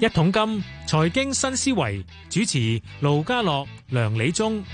一桶金財經新思維主持：盧家樂、梁理中。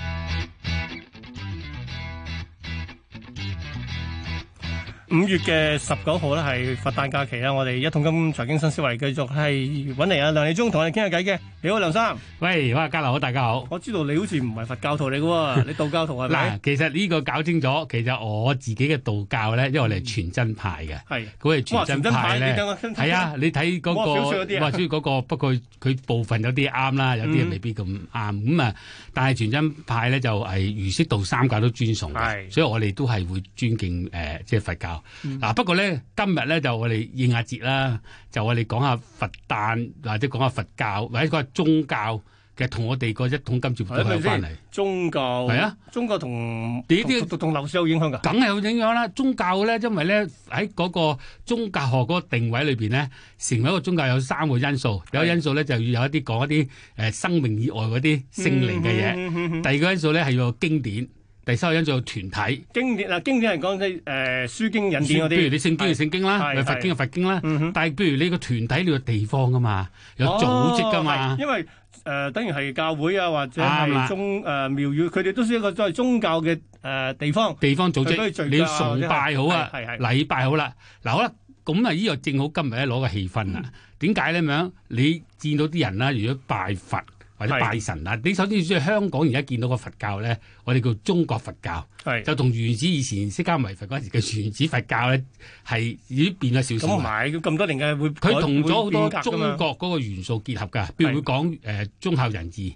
五月嘅十九號咧係佛誕假期啦，我哋一桶金財經新思維繼續係揾嚟啊梁理中同我哋傾下偈嘅。你好，梁生。喂，哇，交流好，大家好。我知道你好似唔係佛教徒嚟嘅喎，你道教徒係咪？其實呢個搞清楚，其實我自己嘅道教咧，因為我哋係全真派嘅。係。咁係全真派咧。係啊，你睇嗰個，嗰個不過佢部分有啲啱啦，有啲人未必咁啱。咁啊，但係全真派咧就係儒釋道三教都尊崇，所以我哋都係會尊敬誒，即係佛教。嗱，嗯、不過咧今日咧就我哋應下節啦，就我哋講下佛誕，或者講下佛教，或者講下宗教嘅同我哋個一桶金接唔接得翻嚟？宗教係啊，宗教同呢啲同樓市些有影響噶？梗係有影響啦！宗教咧，因為咧喺嗰個宗教學嗰個定位裏邊咧，成為一個宗教有三個因素，有一個因素咧就要有一啲講一啲誒生命以外嗰啲聖靈嘅嘢，嗯嗯嗯嗯、第二個因素咧係要經典。第三個因素有團體，經典嗱，經典嚟講即係誒書經引典嗰啲，譬如你聖經就聖經啦，是佛經就佛，佛經啦。是是但係譬如你個團體，你個地方噶嘛，有組織噶嘛、哦是。因為誒、呃，等於係教會啊，或者係宗、呃、廟宇，佢哋都是一個都係宗教嘅、呃、地方地方組織。你要崇拜好啊，禮拜好啦。嗱，好啦，咁啊，依個正好今日一攞個氣氛啊。點解是呢？咁樣？你見到啲人啦、啊，如果拜佛。或者拜神嗱、啊，是你首先知香港而家見到個佛教咧，我哋叫中國佛教，是就同原始以前釋迦牟尼佛嗰陣時嘅原始佛教咧，係已經變咗少少。唔係，咁多年嘅會佢同咗好多中國嗰個元素結合㗎，譬如會講誒忠孝仁義。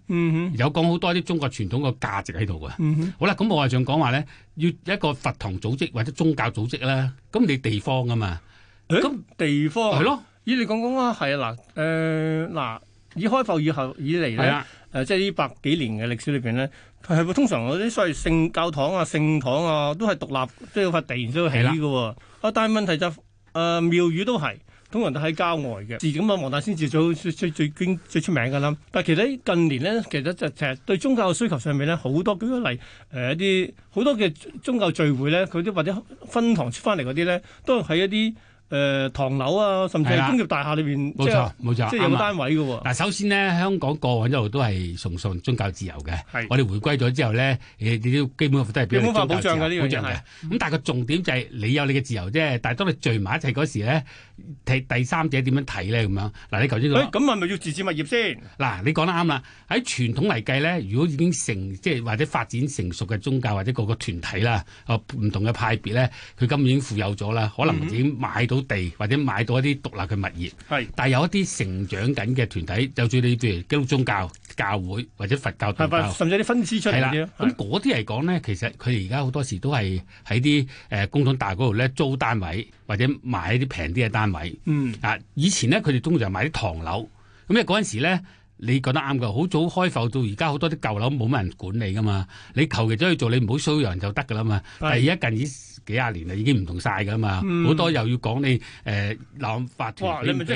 有講好多啲中國傳統個價值喺度㗎。嗯、哼好啦，咁我話仲講話咧，要一個佛堂組織或者宗教組織啦，咁你地方㗎嘛？咁、欸欸、地方係咯，咦，你講講啦，係啊嗱，誒、呃、嗱。呃以開埠以後以嚟咧，誒的、呃、即係呢百幾年嘅歷史裏邊咧，係會通常嗰啲所謂聖教堂啊、聖堂啊，都係獨立，有法都要塊地然之後起嘅喎、哦。啊的，但係問題就誒、是呃、廟宇都係通常都喺郊外嘅。自咁啊，黃大仙祠最最最最最出名㗎啦。但係其實呢近年咧，其實就其實對宗教嘅需求上面咧，好多舉例誒、呃、一啲好多嘅宗教聚會咧，佢都或者分堂出翻嚟嗰啲咧，都係一啲。誒、呃、唐樓啊，甚至係工業大廈裏面，冇錯冇錯，錯即係有單位㗎喎、啊。嗱、啊，首先呢，香港過往一路都係崇尚宗教自由嘅。是我哋回歸咗之後咧，你都基本都係基本法，基本法保障嘅呢保障嘅咁，是但係個重點就係你有你嘅自由啫，但係當你聚埋一齊嗰時咧。第第三者點樣睇咧？咁樣嗱，你頭先講咁係咪要自置物業先？嗱，你講得啱啦。喺傳統嚟計咧，如果已經成即係或者發展成熟嘅宗教或者各個個團體啦，啊唔同嘅派別咧，佢今已經富有咗啦，可能已經買到地、嗯、或者買到一啲獨立嘅物業。係是，但係有一啲成長緊嘅團體，就算你譬如基督宗教。教會或者佛教、道教甚至啲分支出嚟嘅，咁嗰啲嚟講咧，那那的其實佢哋而家好多時都係喺啲誒工廠大嗰度咧租單位或者買啲平啲嘅單位。嗯，啊，以前咧佢哋通常就買啲唐樓，咁咧嗰陣時咧。你講得啱噶，好早開埠到而家，好多啲舊樓冇乜人管理噶嘛。你求其走去做，你唔好騷擾人就得噶啦嘛。是但係而家近依幾廿年啊，已經唔同晒噶嘛。好、嗯、多又要講你誒立法條俾你。呃、不你哇！你咪即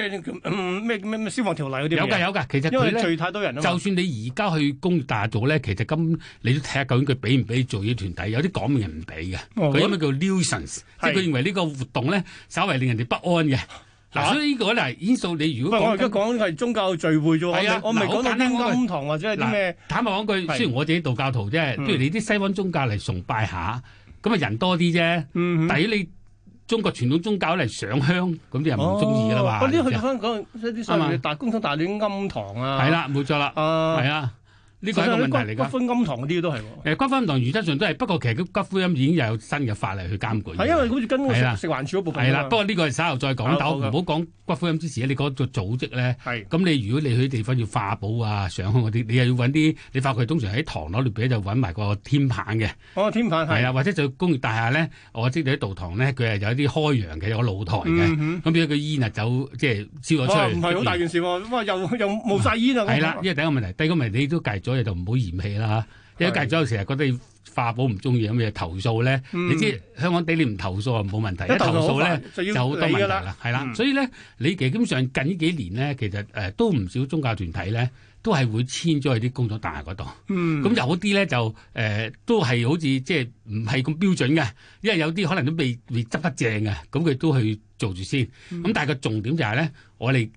係講到咩咩咩消防條例嗰啲。有㗎有㗎，其實佢聚太多人。就算你而家去工業大做咧，其實今你都睇下究竟佢俾唔俾你做啲團體？有啲講明人唔俾嘅，佢因為叫 nuisance，是即係佢認為呢個活動咧稍為令人哋不安嘅。嗱，所以呢個咧係，因素你如果講一講係宗教嘅聚會啫喎。係啊，我咪講啲庵堂或者係啲咩？坦白講句，雖然我自己道教徒啫，不如你啲西方宗教嚟崇拜下，咁啊人多啲啫。抵你中國傳統宗教嚟上香，咁啲人唔中意噶嘛。嗰啲去香港一啲西大工商大亂庵堂啊。係啦，冇錯啦。係啊。呢個係一個問題嚟㗎。骨灰庵堂啲都係喎。骨灰庵堂原則上都係，不過其實骨灰庵已經有新嘅法例去監管。係因為好似跟食食環署嗰部分。係啦，不過呢個稍後再講到，唔好講骨灰庵之前你講個組織咧。咁你如果你去地方要化寶啊、上香嗰啲，你又要揾啲，你發覺通常喺唐樓裏邊就揾埋個天棚嘅。哦，天棚係。啊，或者就工業大廈咧，我知道喺道堂咧，佢係有啲開揚嘅有個露台嘅。咁變咗個煙啊走，即係燒咗出去，唔係好大件事喎，咁啊又又冇晒煙啊。係啦，因為第一個問題，第二個問題你都繼續。所以就唔好嫌棄啦吓，是因為計咗成日覺得你化寶唔中意咁嘅投訴咧，嗯、你知香港地你唔投訴啊冇問題，一投訴咧就好多問題啦，係啦，的嗯、所以咧你其實基本上近幾幾年咧，其實、呃、都唔少宗教團體咧，都係會遷咗去啲工作大廈嗰度。咁、嗯、有啲咧就、呃、都係好似即係唔係咁標準嘅，因為有啲可能都未未執得正嘅，咁佢都去做住先。咁、嗯、但係個重點就係、是、咧，我哋。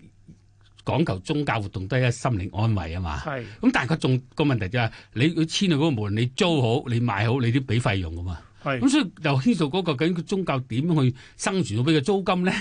講求宗教活動都係一心靈安慰啊嘛。咁是但係佢仲有個問題就係、是、你簽咗嗰個門，你租好你買好，你都要俾費用㗎嘛。咁，所以就天道嗰個究竟宗教點去生存到俾個租金咧，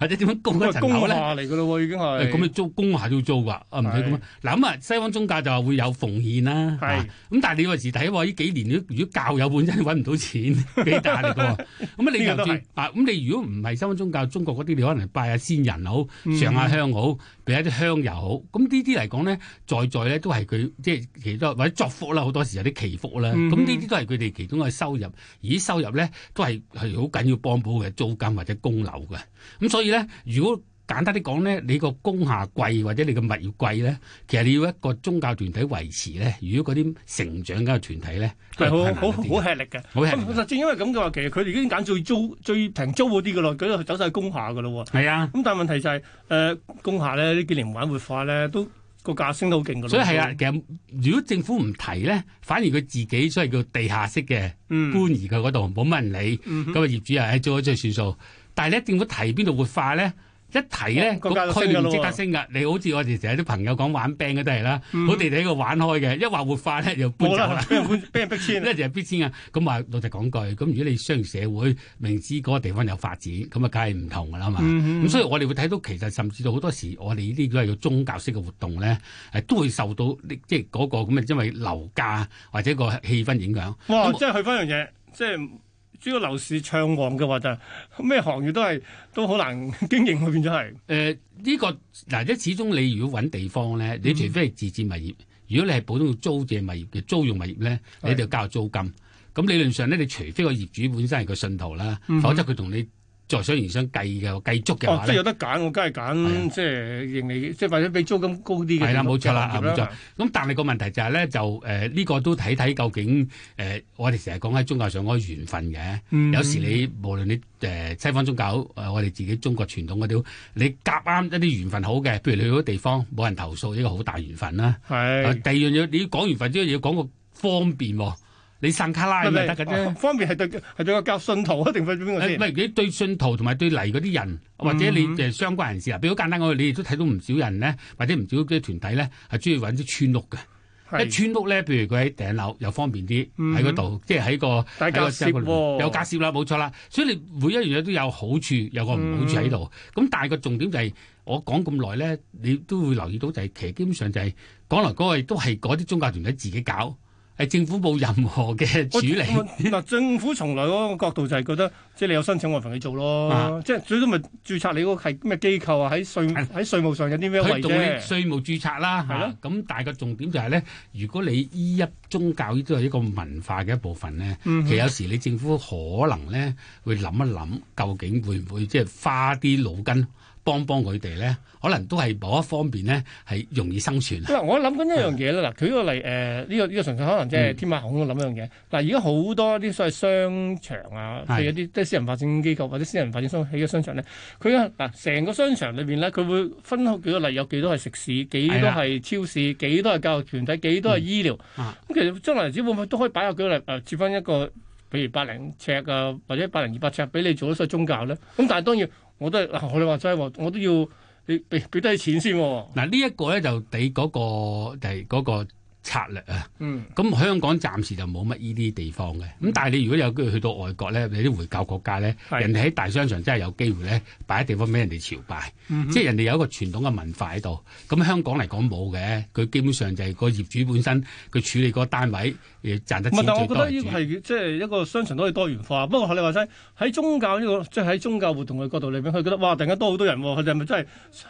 或者點樣供一層樓咧？嚟嘅咯已經係。咁你租供下都要租㗎，唔使咁啊。嗱咁啊，西方宗教就話會有奉獻啦。係。咁但係你嗰時睇喎，呢幾年如果教友本身揾唔到錢幾大嚟㗎？咁你又轉？咁你如果唔係西方宗教，中國嗰啲你可能拜下先人好，上下香好，俾一啲香油好。咁呢啲嚟講咧，在在咧都係佢即係其他或者作福啦，好多時有啲祈福啦。咁呢啲都係佢哋其中嘅收入。而收入咧都係係好緊要，幫補嘅租金或者供樓嘅，咁所以咧，如果簡單啲講咧，你個工廈貴或者你個物業貴咧，其實你要一個宗教團體維持咧，如果嗰啲成長緊嘅團體咧，係好好好吃力嘅。咁正因為咁嘅話，其實佢哋已經揀最租最平租嗰啲嘅咯，嗰啲走晒工廈嘅咯。係啊，咁但係問題就係誒工廈咧，呢幾年玩活化咧都。個價升得好勁噶，所以係啊，嗯、其實如果政府唔提咧，反而佢自己所謂叫地下式嘅官移佢嗰度，冇乜人理。咁啊、嗯、哼業主啊，誒做咗就算數。但係咧，政府提邊度活化咧。一提咧，個概念即得升噶。你好似我哋成日啲朋友講玩 band 嘅，都係啦，嗯、我哋喺個玩開嘅，一話活化咧就搬走啦。俾人逼 遷咧就係逼遷啊！咁話老實講句，咁如果你商業社會，明知嗰個地方有發展，咁啊梗係唔同噶啦嘛。咁、嗯、所以我哋會睇到其實甚至到好多時，我哋呢啲都係個宗教式嘅活動咧，都會受到即係、那、嗰個咁啊，因為樓價或者個氣氛影響。哇！我即係去翻樣嘢，即係。主要樓市暢旺嘅話就咩行業都係都好難經營，變咗係。誒呢、呃呢個嗱，即始終你如果揾地方咧，嗯、你除非係自置物業，如果你係普通嘅租借物業嘅租用物業咧，你就交租金。咁是理論上咧，你除非個業主本身係個信徒啦，否則佢同你。在商言商計嘅計足嘅，哦，即係有得揀，我梗係揀即係盈利，即係或者俾租金高啲嘅。係啦、啊，冇錯啦，冇錯。咁但係個問題就係、是、咧，就誒呢、呃這個都睇睇究竟誒、呃，我哋成日講喺宗教上嗰個緣分嘅。嗯、有時你無論你誒、呃、西方宗教誒、呃，我哋自己中國傳統嗰啲，你夾啱一啲緣分好嘅，譬如你去嗰地方冇人投訴，呢、這個好大緣分啦。係是、啊。第二樣嘢，你講緣分都要講個方便喎、啊。你散卡拉咪得㗎啫，方便係對係對一個教信徒啊，定係對邊個先？唔係，如果對信徒同埋對嚟嗰啲人，或者你相關人士啊，比如好簡單說，我你亦都睇到唔少人咧，或者唔少啲團體咧，係中意揾啲村屋嘅，是一村屋咧，譬如佢喺頂樓又方便啲，喺嗰度即係喺個、啊、個有夾接啦，冇錯啦。所以你每一樣嘢都有好處，有個唔好處喺度。咁、嗯、但係個重點就係、是、我講咁耐咧，你都會留意到就係、是、其實基本上就係講嚟講去都係嗰啲宗教團體自己搞。係政府冇任何嘅處理、啊，嗱、啊啊、政府從來嗰個角度就係覺得，即係你有申請我份去做咯，啊、即係最多咪註冊你嗰個係咩機構啊？喺稅喺稅務上有啲咩嚟啫？喺度啲稅務註冊啦，咁但係個重點就係咧，如果你依一宗教亦都係一個文化嘅一部分咧，嗯、哼其實有時你政府可能咧會諗一諗，究竟會唔會即係花啲腦筋？幫幫佢哋咧，可能都係某一方面咧係容易生存、啊。嗱，我諗緊一樣嘢啦，嗱，舉個例誒呢、呃這個呢、這個純粹可能即係天馬行空諗一樣嘢。嗱、嗯，而家好多啲所謂商場啊，即係是一啲即係私人發展機構或者私人發展商起嘅商場咧，佢咧嗱，成個商場裏邊咧，佢會分好幾個例，有幾多係食肆，幾多係超市，是的幾多係教育團體，幾多係醫療。咁、嗯啊、其實將來唔知會唔會都可以擺下幾個例，誒設翻一個，比如百零尺啊，或者百零二百尺，俾你做一所宗教咧。咁但係當然。我都係嗱，我哋話齋我都要你俾俾多啲錢先喎。嗱，呢一個咧就俾嗰個就係嗰個。策略啊，咁香港暫時就冇乜呢啲地方嘅，咁但係你如果有機會去到外國咧，你啲回教國家咧，是人哋喺大商場真係有機會咧，擺喺地方俾人哋朝拜，嗯、哼即係人哋有一個傳統嘅文化喺度。咁香港嚟講冇嘅，佢基本上就係個業主本身佢處理個單位而賺得錢唔係，但我覺得呢個係即係一個商場都可以多元化。不過你話齋喺宗教呢、呢個，即係喺宗教活動嘅角度裏面，佢覺得哇，突然間多好多人、啊，佢就係咪真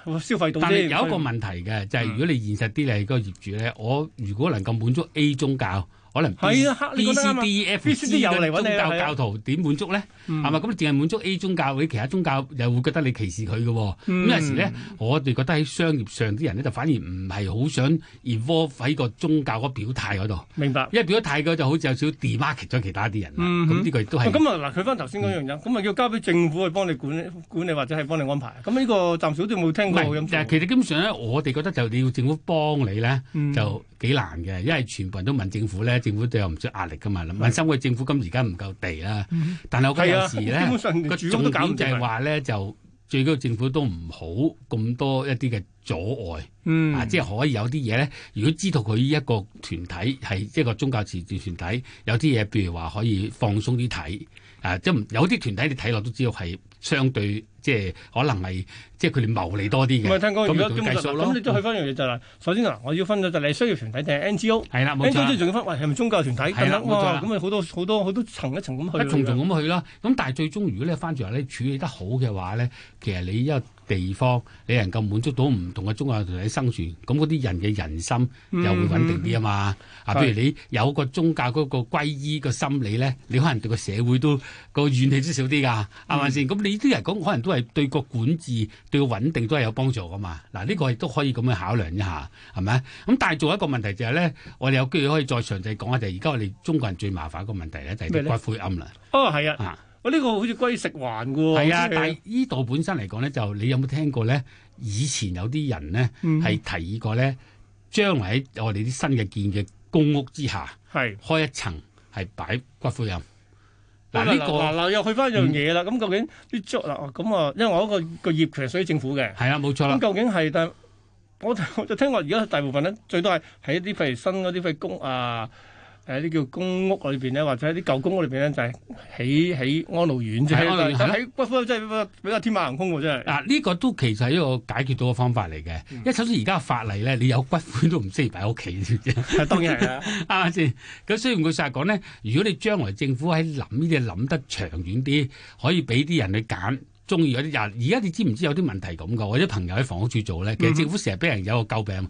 係消費到？但係有一個問題嘅，嗯、就係如果你現實啲嚟，個業主咧，我如果可能夠滿足 A 宗教。可能係啊，B、C、D、F、G 嘅宗教教徒點滿足咧？係咪咁？淨係滿足 A 宗教？或者其他宗教又會覺得你歧視佢嘅？咁有時咧，我哋覺得喺商業上啲人咧，就反而唔係好想 evolve 喺個宗教嗰表態嗰度。明白，因為表態嘅就好似有少 demark 咗其他啲人。咁呢個亦都係。咁啊嗱，佢翻頭先嗰樣嘢，咁啊要交俾政府去幫你管管理或者係幫你安排。咁呢個暫時都冇聽過咁。其實基本上咧，我哋覺得就你要政府幫你咧，就幾難嘅，因為全部人都問政府咧。政府都有唔少壓力噶嘛？民生嘅政府今而家唔夠地啦。是啊、但係我覺得有時咧，個重點就係話咧，就最高政府都唔好咁多一啲嘅阻礙，嗯、啊，即、就、係、是、可以有啲嘢咧。如果知道佢呢一個團體係即係個宗教團體，有啲嘢譬如話可以放鬆啲睇，啊，即係有啲團體你睇落都知道係。相對即係可能係即係佢哋謀利多啲嘅。唔係聽講，如果咁你都去翻樣嘢就係、就是，嗯、首先嗱，我要分咗就係你需要團體定係 NGO。係啦，NGO 都仲要分，喂係咪宗教團體咁樣？咁啊好多好多好多層一層咁去。一重重咁去啦。咁但係最終如果你翻住話咧處理得好嘅話咧，其實你一地方你能夠滿足到唔同嘅宗教同你生存，咁嗰啲人嘅人心又會穩定啲啊嘛、嗯、啊！譬是如你有個宗教嗰個皈依個心理咧，你可能對個社會都個怨氣都少啲噶，係咪先？咁你啲人講，可能都係對個管治、對個穩定都係有幫助噶嘛。嗱、啊，呢、這個亦都可以咁樣考量一下，係咪？咁、啊、但係做一個問題就係咧，我哋有機會可以再詳細講下，就係而家我哋中國人最麻煩一個問題咧，就係、是、骨灰龕啦。哦，係啊。我呢、啊呢個好似歸食環嘅喎。係啊，係啊，但係依度本身嚟講咧，就你有冇聽過咧？以前有啲人咧係、嗯、提議過咧，將來喺我哋啲新嘅建嘅公屋之下，係係開一層係擺骨灰龕。嗱呢、啊啊呢個嗱嗱、啊、又去翻一樣嘢啦。咁、嗯、究竟啲作嗱咁啊？因為我嗰個個業權係屬於政府嘅。係啊，冇錯啦。咁究竟係但我就就聽話，而家大部分咧，最多係喺一啲譬如新嗰啲費公啊。誒啲叫公屋裏邊咧，或者啲舊公屋裏邊咧，安安就係喺喺安老院啫。喺骨灰真係比較天馬行空喎，真係。嗱、啊，呢、呢個都其實係一個解決到嘅方法嚟嘅。因為首先而家法例咧，你有骨灰都唔適宜擺喺屋企，知唔、嗯、已當然係啦、啊，啱啱先？咁雖然佢過實講咧，如果你將來政府喺諗呢啲諗得長遠啲，可以俾啲人去揀中意嗰啲人。而家 20, 你知唔知有啲問題咁嘅？或者朋友喺房屋處做咧，其實政府成日俾人有個詬病，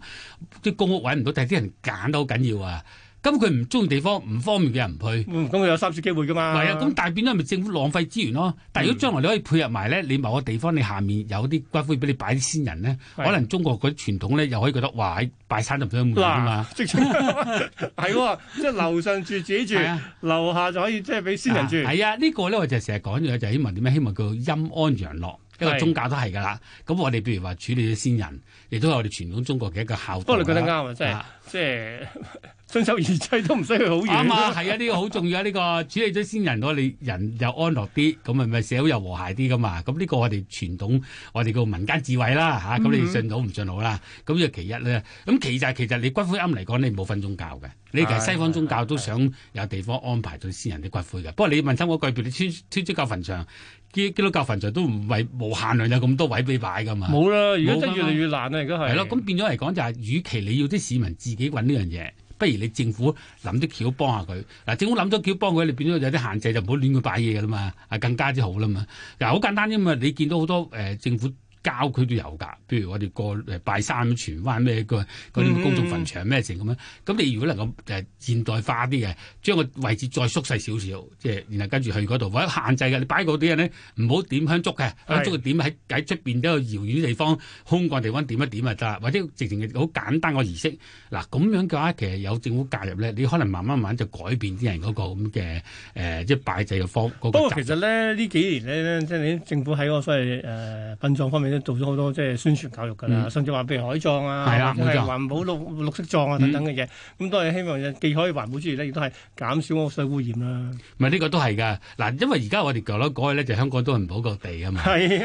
啲公屋揾唔到，但係啲人揀都好緊要啊！咁佢唔中意地方唔方便嘅人唔去，咁佢有三次機會噶嘛？係啊，咁但係變咗係咪政府浪費資源咯、啊？但係如果將來你可以配合埋咧，你某個地方你下面有啲骨灰俾你擺啲先人咧，的可能中國嗰啲傳統咧又可以覺得哇喺拜山就唔一樣噶嘛？係、啊，即係樓上住自己住，啊、樓下就可以即係俾先人住。係啊，呢、啊這個咧我就成日講咗，就係希望點樣？希望叫陰安陽樂，的一個宗教都係噶啦。咁我哋譬如話處理啲先人，亦都係我哋傳統中國嘅一個孝、啊。不過你覺得啱、就是、啊，即係即係。 遵都唔使去好遠 啊！嘛係啊，呢、這個好重要啊！呢個處理咗先人，我哋人又安樂啲，咁咪咪社會又和諧啲噶嘛？咁呢個我哋傳統，我哋叫民間智慧啦嚇。咁、啊嗯嗯啊、你信好唔信，信，信好啦？咁呢就其一咧。咁、啊、其實其實你骨灰龕嚟講，你冇分宗教嘅，你其實西方宗教都想有地方安排咗先人啲骨灰嘅。不過你問親我句，別你推推教墳場，基督教墳場都唔係無限量有咁多位俾擺噶嘛？冇啦，而家真係越嚟越難啦，而家係係咯。咁、啊啊嗯、變咗嚟講，就係與其你要啲市民自己揾呢樣嘢。不如你政府諗啲橋幫下佢嗱，政府諗咗橋幫佢，你變咗有啲限制就唔好亂佢擺嘢噶啦嘛，係更加之好啦嘛。嗱，好簡單啫嘛，你見到好多誒、呃、政府，郊區都有㗎，譬如我哋過拜山、荃灣咩嗰啲公眾墳場咩剩咁樣，咁、嗯嗯、你如果能夠誒、呃、現代化啲嘅，將個位置再縮細少少，即係然後跟住去嗰度，或者限制嘅，你擺嗰啲人咧唔好點香燭嘅，香燭點喺出邊都有遙遠地方、空曠地方點一點啊得，或者直情嘅好簡單個儀式，嗱咁樣嘅話其實有政府介入咧，你可能慢慢慢就改變啲人嗰、嗰個咁嘅誒即係拜祭嘅方嗰，不過其實咧呢幾年咧，即係啲政府喺個所謂誒殯葬方面做咗好多即係宣傳教育㗎啦，嗯、甚至話譬如海葬啊，係啊，環保綠、嗯、綠色葬啊等等嘅嘢，咁、嗯、都係希望既可以環保之餘呢亦都係減少屋水污染啦、啊。唔係呢個都係㗎，嗱，因為而家我哋舊樓講起咧，就香港都唔好地、啊、個地啊嘛，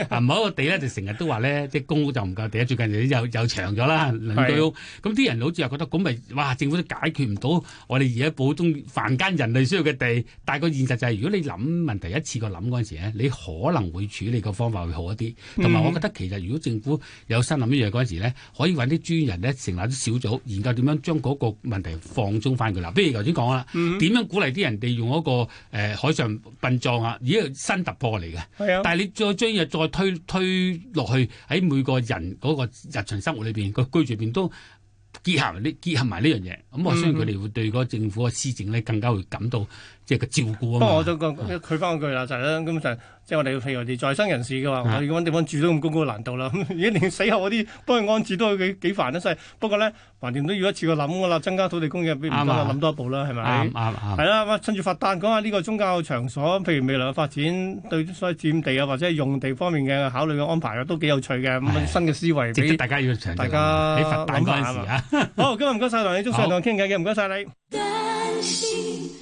啊唔好個地咧就成日都話咧，即係公屋就唔夠地，最近又又長咗啦，令到咁啲人好似又覺得咁咪，哇！政府都解決唔到我哋而家普通凡間人類需要嘅地，但係個現實就係、是，如果你諗問題一次過諗嗰陣時咧，你可能會處理個方法會好一啲，同埋我覺得。其實，如果政府有新諗一嘢嗰陣時咧，可以揾啲專人咧成立啲小組，研究點樣將嗰個問題放鬆翻佢啦。不如頭先講啦，點、mm hmm. 樣鼓勵啲人哋用嗰、那個、呃、海上殯葬啊，而家新突破嚟嘅。係啊、哦，但係你再將嘢再推推落去喺每個人嗰個日常生活裏邊，個居住邊都結合埋呢結合埋呢樣嘢，咁我相信佢哋會對嗰個政府嘅施政咧更加會感到。即係個照顧。不過我都講佢翻嗰句啦，就係、是、啦。根本上即係我哋，譬如我哋在生人士嘅話，我哋揾地方住都咁高高難度啦，咁而家連死後嗰啲幫佢安置都幾幾煩啊！真不過咧，橫掂都要一次過諗噶啦，增加土地供應，比唔啱諗多一步啦，係咪？啱係啦，咁、啊啊、趁住佛誕，講下呢個宗教場所，譬如未來嘅發展對所佔地啊，或者係用地方面嘅考慮嘅安排啊，都幾有趣嘅，咁唉新嘅思維。值大家要嘗嘗、這個、大家佛誕嘅、嗯嗯、好，今日唔該曬，梁先生同我傾偈嘅，唔該晒你。好